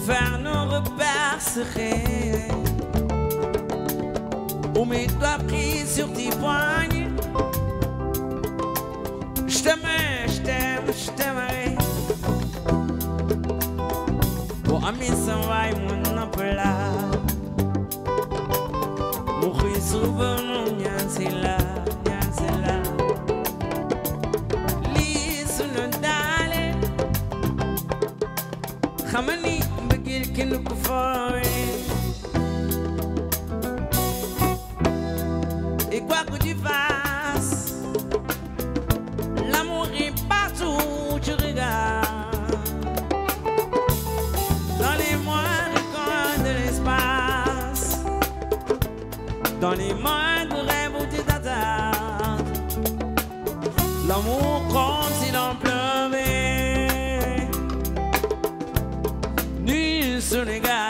ver não repasse O mes doigts pris sur tes poignes Je t'aime, je t'aime, je t'aimerai Pour ami s'en va et mon appela Mourir souvent, c'est là dans les mains de rêve ou des attentes. L'amour comme s'il en pleuvait, nul se n'égale.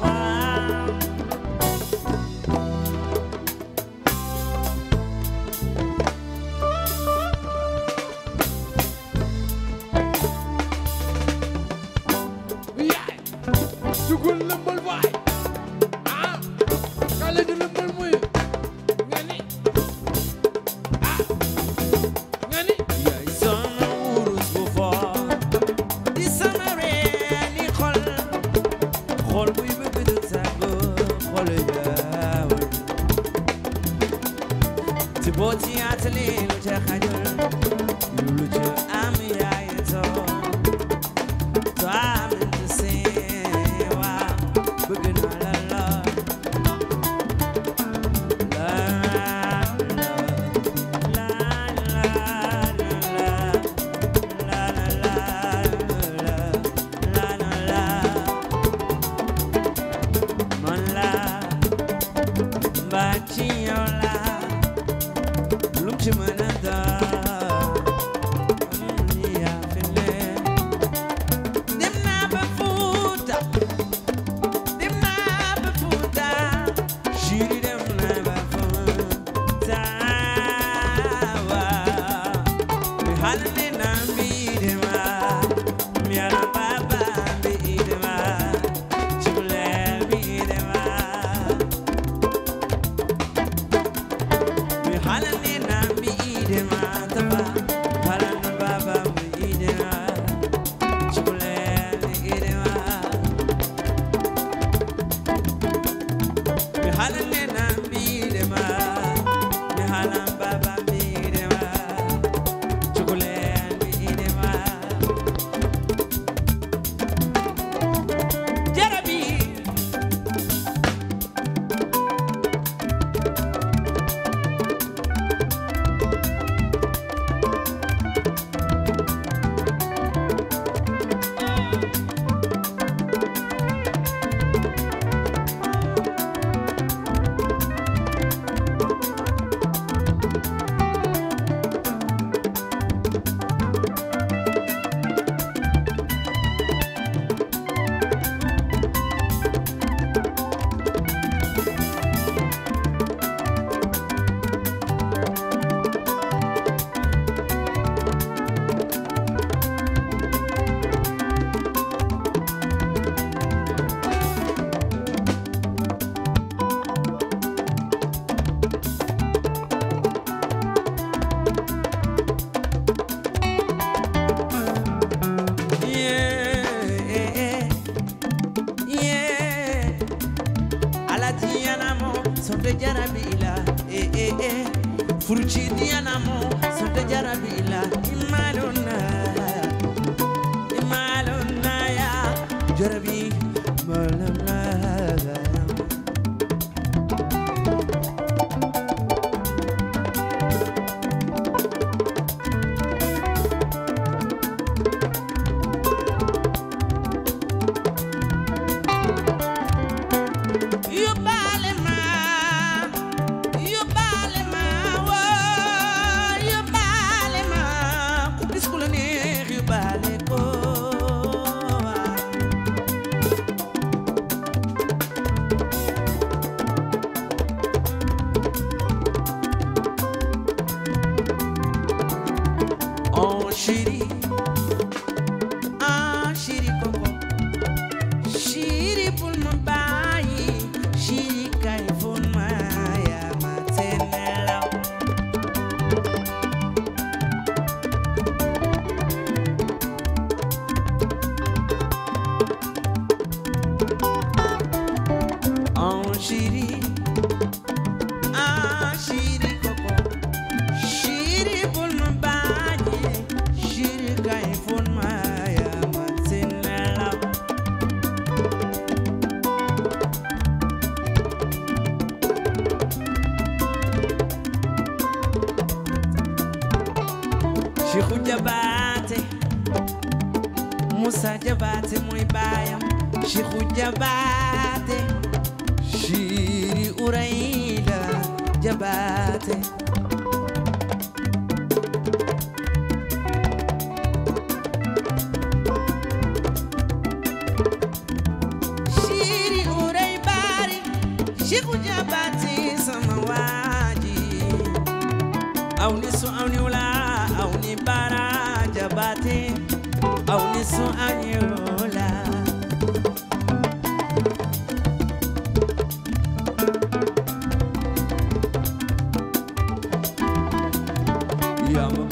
Wow. ala nena mbi idema jiiri urayla jabaate jiiri uray baari jiku jabaate sama waaji awni su awni wula awni baara jabaate awni su awni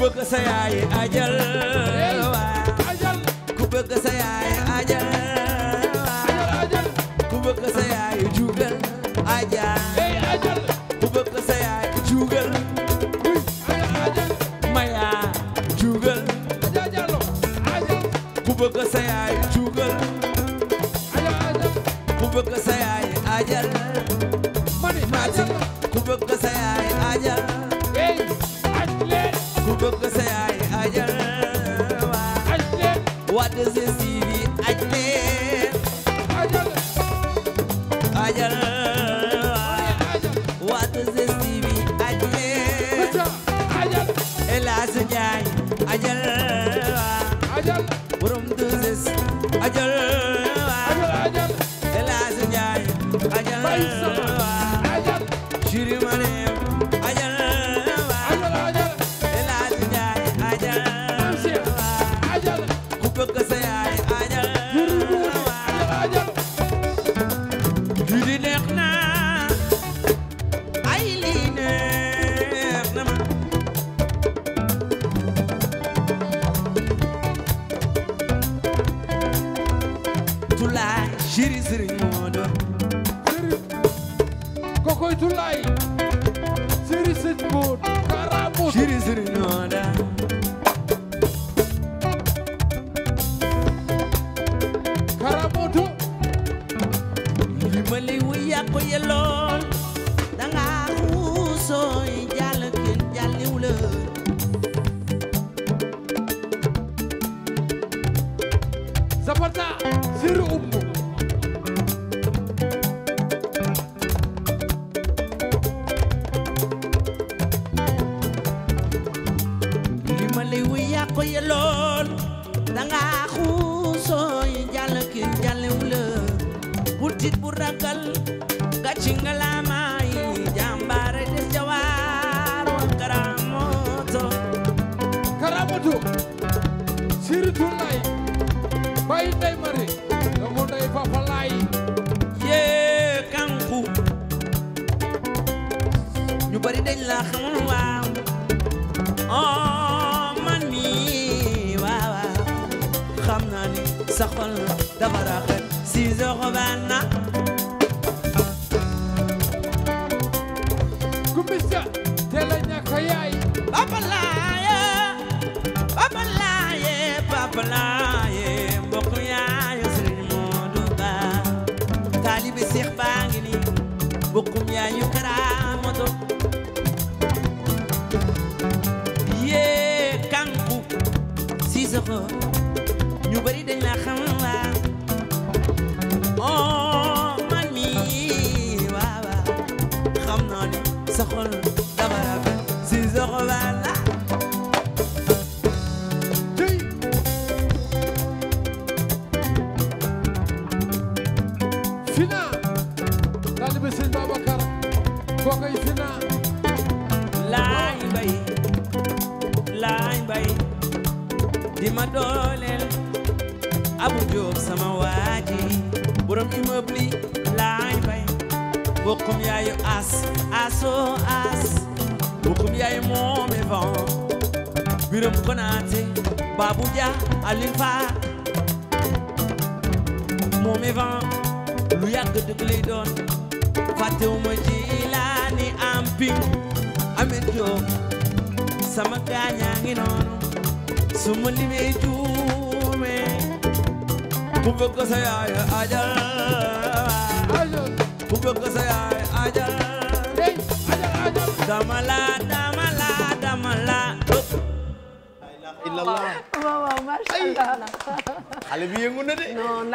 bëgg sa ajal waay ku ajal waay ku jugal ajal maya jugal ku bëgg sa yaay jugal ku bëgg sa sa jaay ajal li wu yàqu ye lool danga xuusooy jàll kenn jàlliw la zapata siru ummu li ma li wu ragal gàcci nga laa may jàmbaare de jawaar wa karamoto karamoto siri turlay bayi ndey mari doomu ndey fafa lay yee kanku ñu bari dañ la xamul waaw oh man mi xam naa sa xol dafa rafet si soxo baa na laaye mbokk yaayu sëriñ Modou Ba taalibe Seex baa ngi nii bokkum yaayu karaamato yee kanku Sissoko ñu bari dañ la xam waa oh man xam naa ni Abou Diop sama waaji borom immeuble yi laay bay bokkum yaayu as aso as bokkum yaayu moome van biram konaate Babou Dia Alioune Fall moome van lu yàgg dëgg lay doon fàttewuma Jilaani am ping amen Diop sama gaañaa noonu su ma limee juume ku bëgg sa yaay ajal ku bëgg sa yaay ajal dama la dama la dama la illallah waaw waaw macha allah xale de